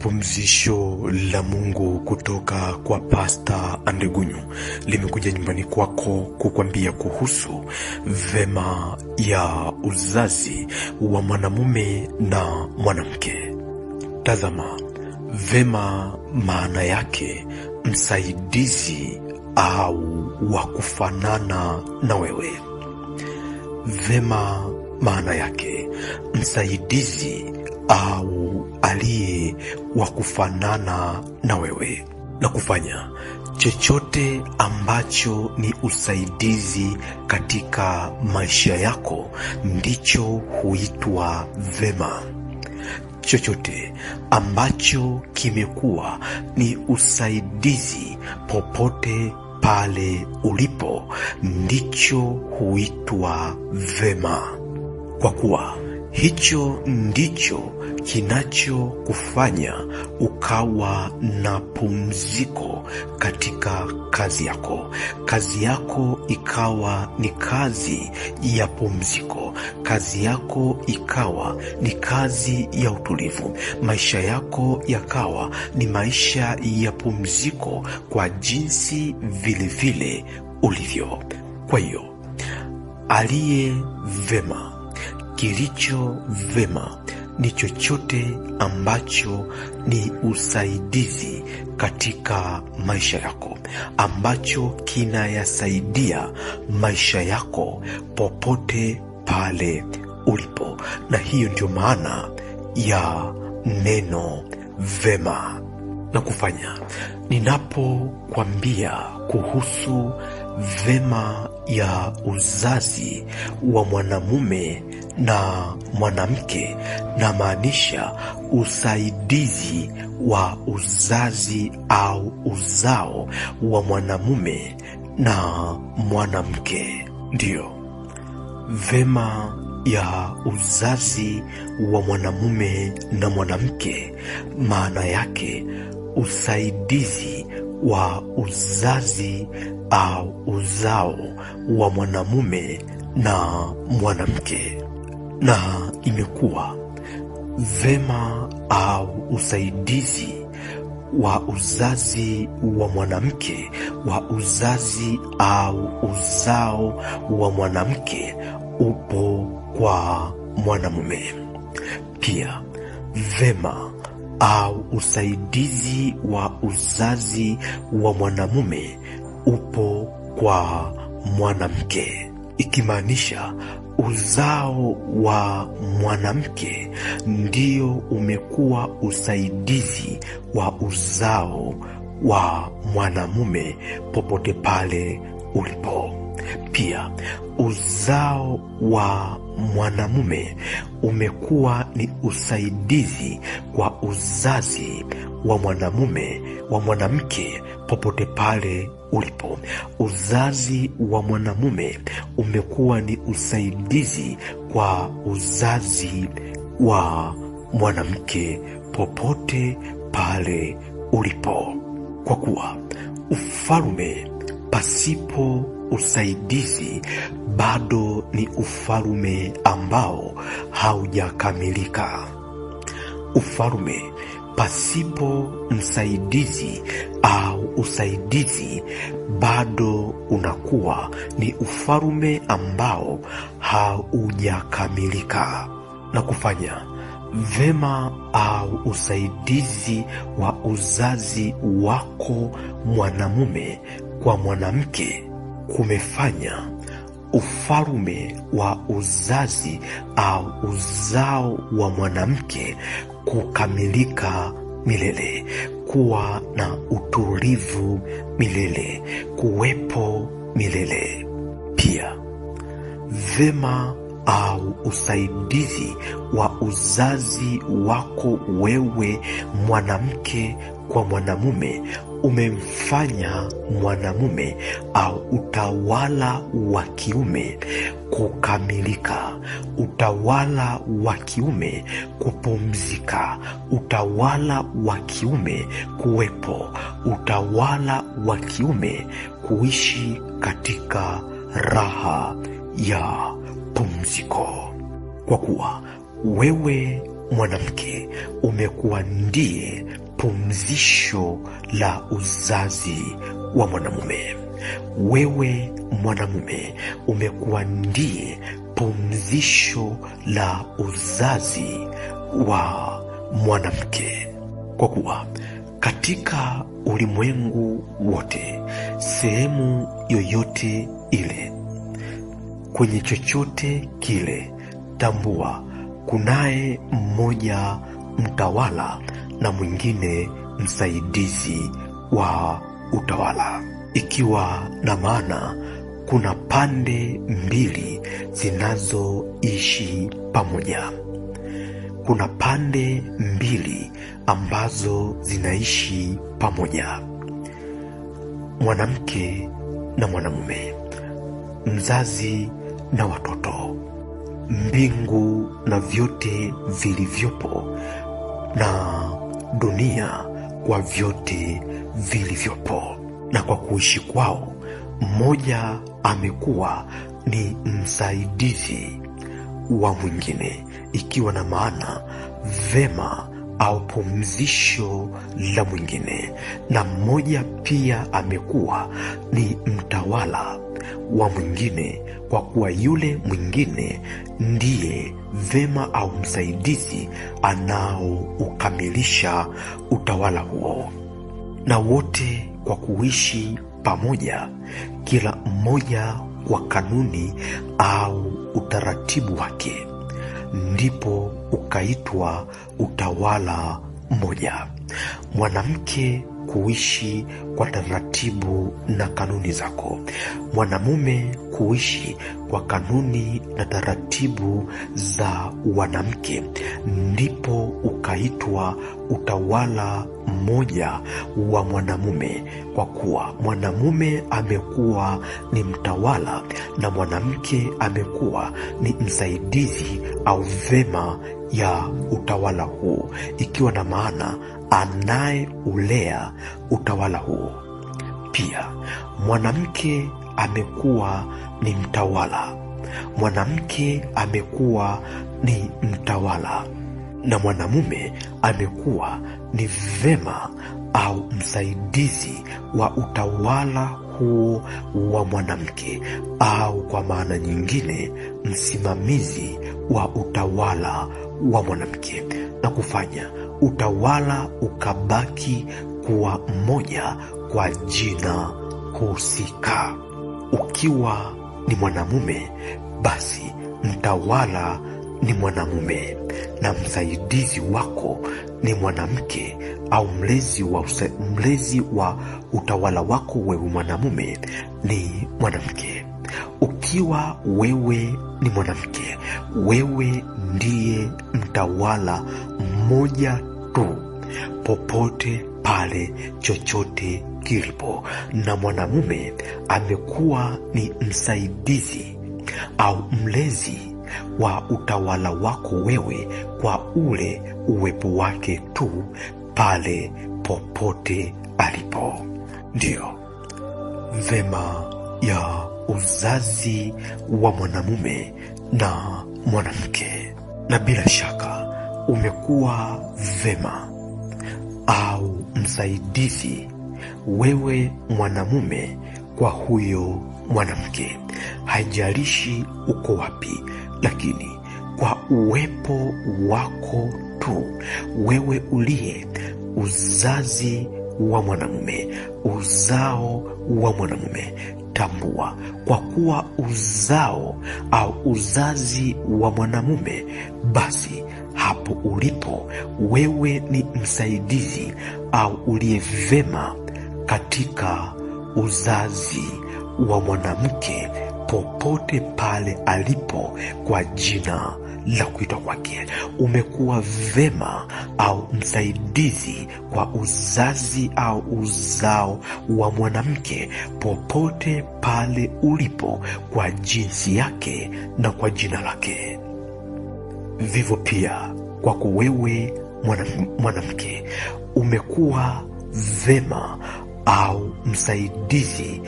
Pumzisho la Mungu kutoka kwa Pasta Andegunyu limekuja nyumbani kwako kukwambia kuhusu vema ya uzazi wa mwanamume na mwanamke. Tazama vema maana yake, msaidizi au wa kufanana na wewe. Vema maana yake, msaidizi au aliye wa kufanana na wewe na kufanya chochote ambacho ni usaidizi katika maisha yako, ndicho huitwa vema. Chochote ambacho kimekuwa ni usaidizi popote pale ulipo, ndicho huitwa vema, kwa kuwa hicho ndicho kinachokufanya ukawa na pumziko katika kazi yako, kazi yako ikawa ni kazi ya pumziko, kazi yako ikawa ni kazi ya utulivu, maisha yako yakawa ni maisha ya pumziko kwa jinsi vilevile ulivyo. Kwa hiyo aliye vema, kilicho vema ni chochote ambacho ni usaidizi katika maisha yako, ambacho kinayasaidia maisha yako popote pale ulipo, na hiyo ndio maana ya neno vema na kufanya. Ninapokwambia kuhusu vema ya uzazi wa mwanamume na mwanamke, na maanisha usaidizi wa uzazi au uzao wa mwanamume na mwanamke, ndiyo vema ya uzazi wa mwanamume na mwanamke, maana yake usaidizi wa uzazi au uzao wa mwanamume na mwanamke, na imekuwa vema au usaidizi wa uzazi wa mwanamke wa uzazi au uzao wa mwanamke upo kwa mwanamume pia vema au usaidizi wa uzazi wa mwanamume upo kwa mwanamke, ikimaanisha uzao wa mwanamke ndio umekuwa usaidizi wa uzao wa mwanamume popote pale ulipo. Pia uzao wa mwanamume umekuwa ni usaidizi kwa uzazi wa mwanamume wa mwanamke popote pale ulipo. Uzazi wa mwanamume umekuwa ni usaidizi kwa uzazi wa mwanamke popote pale ulipo, kwa kuwa ufalume pasipo usaidizi bado ni ufalume ambao haujakamilika. ufalume pasipo msaidizi au usaidizi bado unakuwa ni ufalume ambao haujakamilika na kufanya vema au usaidizi wa uzazi wako mwanamume kwa mwanamke kumefanya ufalme wa uzazi au uzao wa mwanamke kukamilika milele, kuwa na utulivu milele, kuwepo milele. Pia vema au usaidizi wa uzazi wako wewe mwanamke kwa mwanamume umemfanya mwanamume au utawala wa kiume kukamilika, utawala wa kiume kupumzika, utawala wa kiume kuwepo, utawala wa kiume kuishi katika raha ya pumziko, kwa kuwa wewe mwanamke umekuwa ndiye pumzisho la uzazi wa mwanamume. Wewe mwanamume umekuwa ndiye pumzisho la uzazi wa mwanamke, kwa kuwa katika ulimwengu wote, sehemu yoyote ile, kwenye chochote kile, tambua kunaye mmoja mtawala na mwingine msaidizi wa utawala, ikiwa na maana kuna pande mbili zinazoishi pamoja. Kuna pande mbili ambazo zinaishi pamoja, mwanamke na mwanamume, mzazi na watoto, mbingu na vyote vilivyopo na dunia kwa vyote vilivyopo, na kwa kuishi kwao mmoja amekuwa ni msaidizi wa mwingine, ikiwa na maana vema au pumzisho la mwingine, na mmoja pia amekuwa ni mtawala wa mwingine, kwa kuwa yule mwingine ndiye vema au msaidizi anaoukamilisha utawala huo. Na wote kwa kuishi pamoja, kila mmoja kwa kanuni au utaratibu wake, ndipo ukaitwa utawala mmoja. Mwanamke kuishi kwa taratibu na kanuni zako. Mwanamume kuishi kwa kanuni na taratibu za wanamke, ndipo ukaitwa utawala mmoja wa mwanamume, kwa kuwa mwanamume amekuwa ni mtawala na mwanamke amekuwa ni msaidizi au vema ya utawala huu, ikiwa na maana anayeulea utawala huu. Pia mwanamke amekuwa ni mtawala, mwanamke amekuwa ni mtawala, na mwanamume amekuwa ni vema au msaidizi wa utawala huo wa mwanamke, au kwa maana nyingine msimamizi wa utawala wa mwanamke, na kufanya utawala ukabaki kuwa mmoja kwa jina husika. Ukiwa ni mwanamume, basi mtawala ni mwanamume na msaidizi wako ni mwanamke, au mlezi wa, mlezi wa utawala wako wewe mwanamume ni mwanamke. Ukiwa wewe ni mwanamke, wewe ndiye mtawala mmoja tu popote pale, chochote Gilbo na mwanamume amekuwa ni msaidizi au mlezi wa utawala wako wewe kwa ule uwepo wake tu pale popote alipo. Ndiyo vema ya uzazi wa mwanamume na mwanamke, na bila shaka umekuwa vema au msaidizi wewe mwanamume kwa huyo mwanamke, haijalishi uko wapi, lakini kwa uwepo wako tu, wewe uliye uzazi wa mwanamume, uzao wa mwanamume, tambua kwa kuwa uzao au uzazi wa mwanamume, basi hapo ulipo wewe ni msaidizi au uliye vema katika uzazi wa mwanamke popote pale alipo kwa jina la kuitwa kwake. Umekuwa vema au msaidizi kwa uzazi au uzao wa mwanamke popote pale ulipo kwa jinsi yake na kwa jina lake. Vivyo pia kwako wewe mwanamke, umekuwa vema au msaidizi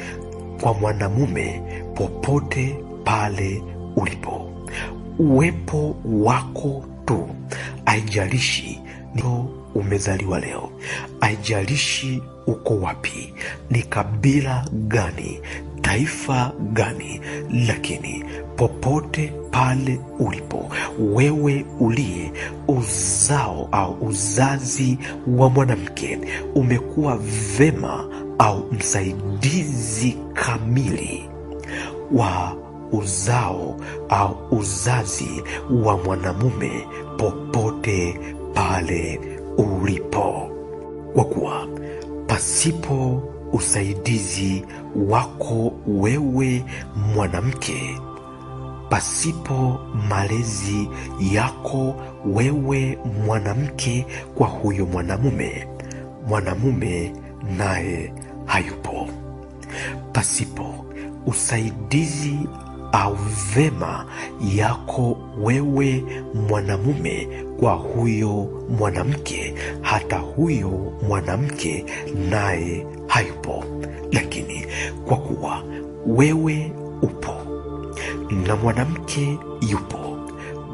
kwa mwanamume popote pale ulipo. Uwepo wako tu, haijalishi ni umezaliwa leo, haijalishi uko wapi, ni kabila gani, taifa gani, lakini popote pale ulipo wewe uliye uzao au uzazi wa mwanamke, umekuwa vema au msaidizi kamili wa uzao au uzazi wa mwanamume popote pale ulipo, kwa kuwa pasipo usaidizi wako wewe mwanamke, pasipo malezi yako wewe mwanamke kwa huyo mwanamume, mwanamume naye hayupo. Pasipo usaidizi au vema yako wewe mwanamume kwa huyo mwanamke, hata huyo mwanamke naye hayupo, lakini kwa kuwa wewe upo na mwanamke yupo,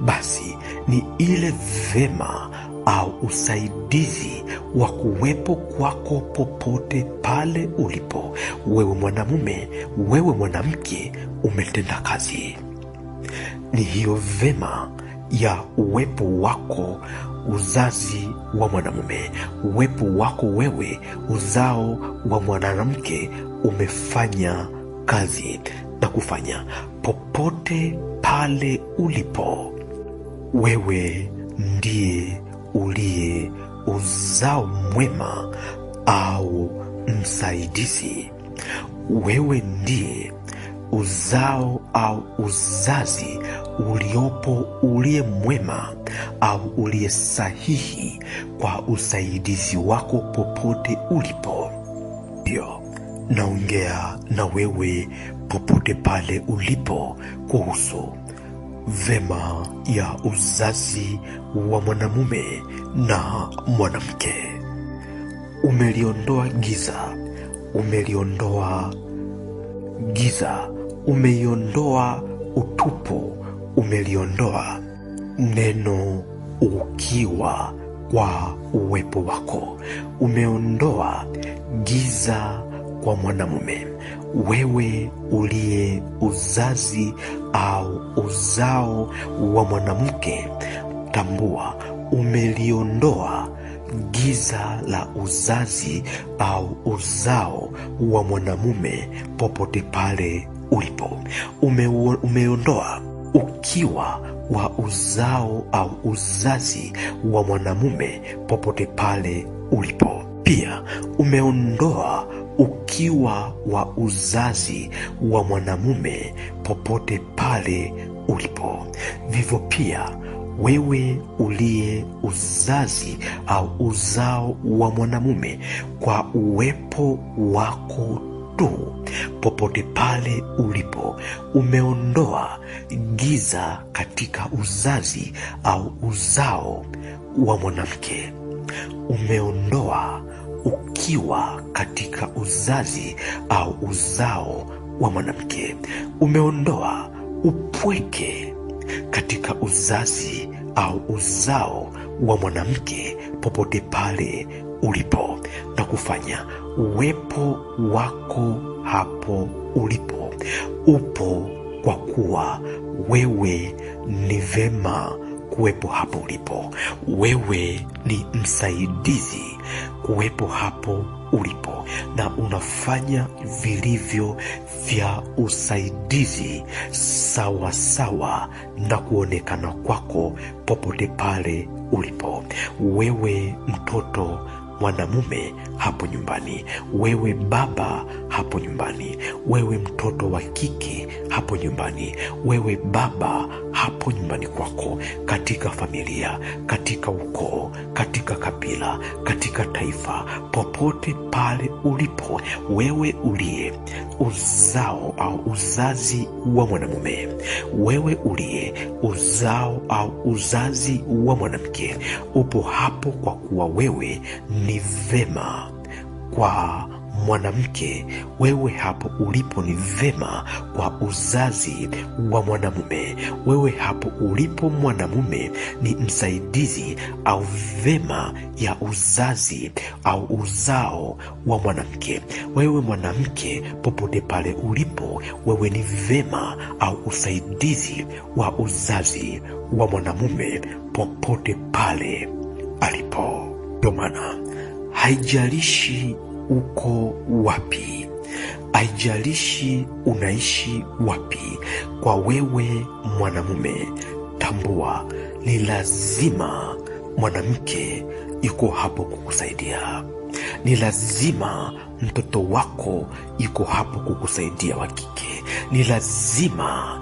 basi ni ile vema au usaidizi wa kuwepo kwako popote pale ulipo. Wewe mwanamume, wewe mwanamke, umetenda kazi. Ni hiyo vema ya uwepo wako uzazi wa mwanamume. Uwepo wako wewe, uzao wa mwanamke, umefanya kazi na kufanya popote pale ulipo wewe ndiye uliye uzao mwema au msaidizi. Wewe ndiye uzao au uzazi uliopo uliye mwema au uliye sahihi kwa usaidizi wako popote ulipo. Ndio naongea na wewe popote pale ulipo kuhusu vema ya uzazi wa mwanamume na mwanamke. Umeliondoa giza, umeliondoa giza umeiondoa utupu, umeliondoa neno ukiwa kwa uwepo wako, umeondoa giza kwa mwanamume. Wewe uliye uzazi au uzao wa mwanamke, tambua umeliondoa giza la uzazi au uzao wa mwanamume popote pale ulipo, umeondoa ukiwa wa uzao au uzazi wa mwanamume popote pale ulipo. Pia umeondoa ukiwa wa uzazi wa mwanamume popote pale ulipo. Vivyo pia wewe uliye uzazi au uzao wa mwanamume, kwa uwepo wako tu popote pale ulipo. Umeondoa giza katika uzazi au uzao wa mwanamke. Umeondoa ukiwa katika uzazi au uzao wa mwanamke. Umeondoa upweke katika uzazi au uzao wa mwanamke popote pale ulipo na kufanya uwepo wako hapo ulipo upo, kwa kuwa wewe ni vema kuwepo hapo ulipo. Wewe ni msaidizi kuwepo hapo ulipo, na unafanya vilivyo vya usaidizi sawa sawa na kuonekana kwako popote pale ulipo. Wewe mtoto mwanamume hapo nyumbani, wewe baba hapo nyumbani, wewe mtoto wa kike hapo nyumbani, wewe baba hapo nyumbani kwako, katika familia, katika ukoo, katika kabila, katika taifa, popote pale ulipo wewe uliye uzao au uzazi wa mwanamume, wewe uliye uzao au uzazi wa mwanamke, upo hapo kwa kuwa wewe ni vema kwa mwanamke wewe hapo ulipo, ni vema kwa uzazi wa mwanamume wewe hapo ulipo. Mwanamume ni msaidizi au vema ya uzazi au uzao wa mwanamke. Wewe mwanamke, popote pale ulipo, wewe ni vema au usaidizi wa uzazi wa mwanamume popote pale alipo. Ndio maana haijalishi uko wapi, haijalishi unaishi wapi. Kwa wewe mwanamume, tambua ni lazima mwanamke yuko hapo kukusaidia, ni lazima mtoto wako yuko hapo kukusaidia wa kike, ni lazima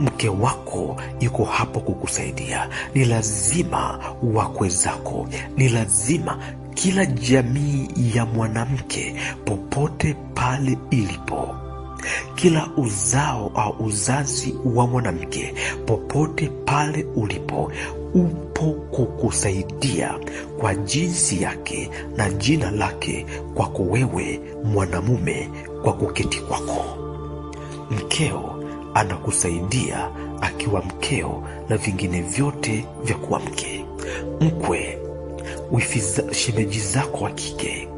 mke wako yuko hapo kukusaidia, ni lazima wakwe zako, ni lazima kila jamii ya mwanamke popote pale ilipo, kila uzao au uzazi wa mwanamke popote pale ulipo upo kukusaidia kwa jinsi yake na jina lake, kwako wewe mwanamume, kwa kuketi kwako. Mkeo anakusaidia akiwa mkeo na vingine vyote vya kuwa mke. Mkwe wifiza, shemeji zako wa kike,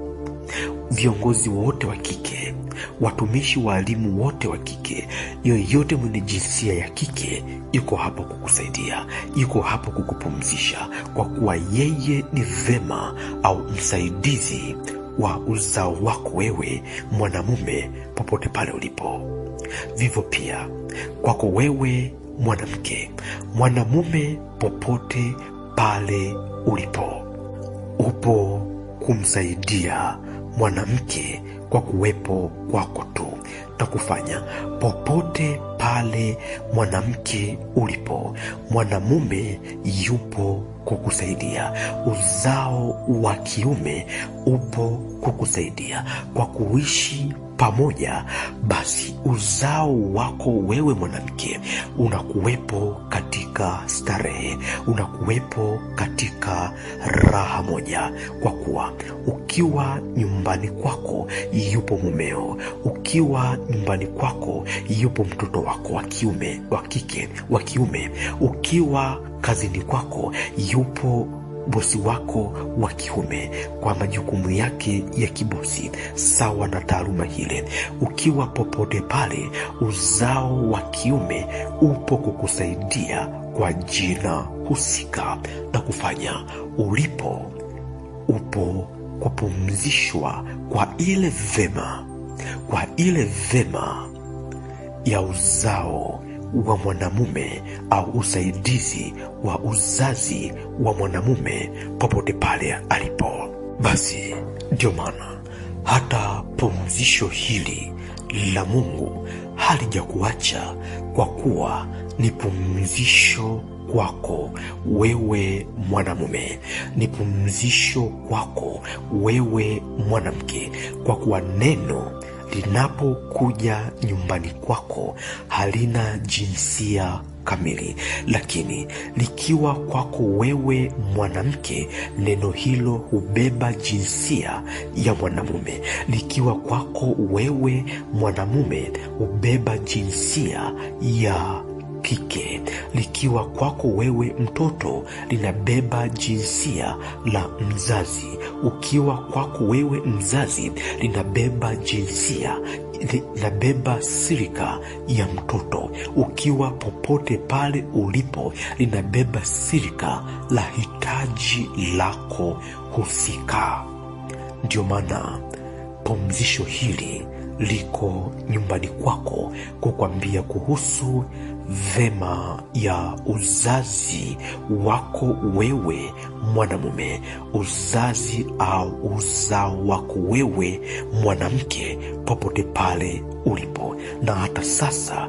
viongozi wote wa kike, watumishi, waalimu wote wa kike, yoyote mwenye jinsia ya kike yuko hapo kukusaidia, yuko hapo kukupumzisha, kwa kuwa yeye ni vema au msaidizi wa uzao wako wewe mwanamume, popote pale ulipo. Vivyo pia kwako wewe mwanamke, mwanamume, popote pale ulipo upo kumsaidia mwanamke kwa kuwepo kwako tu na kufanya popote pale mwanamke ulipo, mwanamume yupo kukusaidia. Uzao wa kiume upo kukusaidia kwa kuishi pamoja, basi uzao wako wewe mwanamke unakuwepo katika starehe, unakuwepo katika raha moja, kwa kuwa ukiwa nyumbani kwako yupo mumeo, ukiwa nyumbani kwako yupo mtoto wako wa kiume, wa kike, wa kiume, ukiwa kazini kwako yupo bosi wako wa kiume kwa majukumu yake ya kibosi sawa na taaluma hile. Ukiwa popote pale, uzao wa kiume upo kukusaidia kwa jina husika na kufanya ulipo upo kupumzishwa kwa ile vema, kwa ile vema ya uzao wa mwanamume au usaidizi wa uzazi wa mwanamume popote pale alipo. Basi ndiyo maana hata pumzisho hili la Mungu halijakuacha kwa kuwa ni pumzisho kwako wewe mwanamume, ni pumzisho kwako wewe mwanamke, kwa kuwa neno linapokuja nyumbani kwako halina jinsia kamili, lakini likiwa kwako wewe mwanamke, neno hilo hubeba jinsia ya mwanamume. Likiwa kwako wewe mwanamume, hubeba jinsia ya kike likiwa kwako wewe mtoto linabeba jinsia la mzazi, ukiwa kwako wewe mzazi linabeba jinsia linabeba sirika ya mtoto, ukiwa popote pale ulipo linabeba sirika la hitaji lako husika. ndio maana pumzisho hili liko nyumbani kwako kukwambia kuhusu vema ya uzazi wako wewe mwanamume, uzazi au uzao wako wewe mwanamke, popote pale ulipo. Na hata sasa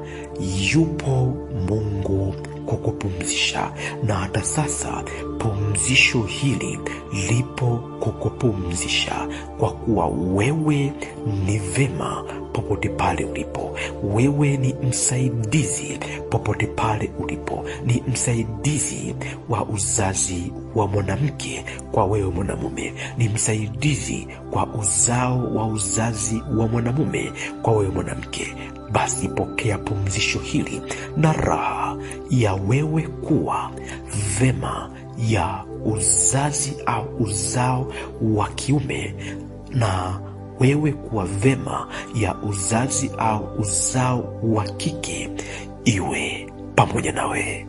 yupo Mungu kukupumzisha, na hata sasa pumzisho hili lipo kukupumzisha, kwa kuwa wewe ni vema popote pale ulipo. Wewe ni msaidizi popote pale ulipo, ni msaidizi wa uzazi wa mwanamke kwa wewe mwanamume, ni msaidizi kwa uzao wa uzazi wa mwanamume kwa wewe mwanamke basi pokea pumzisho hili na raha ya wewe kuwa vema ya uzazi au uzao wa kiume na wewe kuwa vema ya uzazi au uzao wa kike iwe pamoja nawe.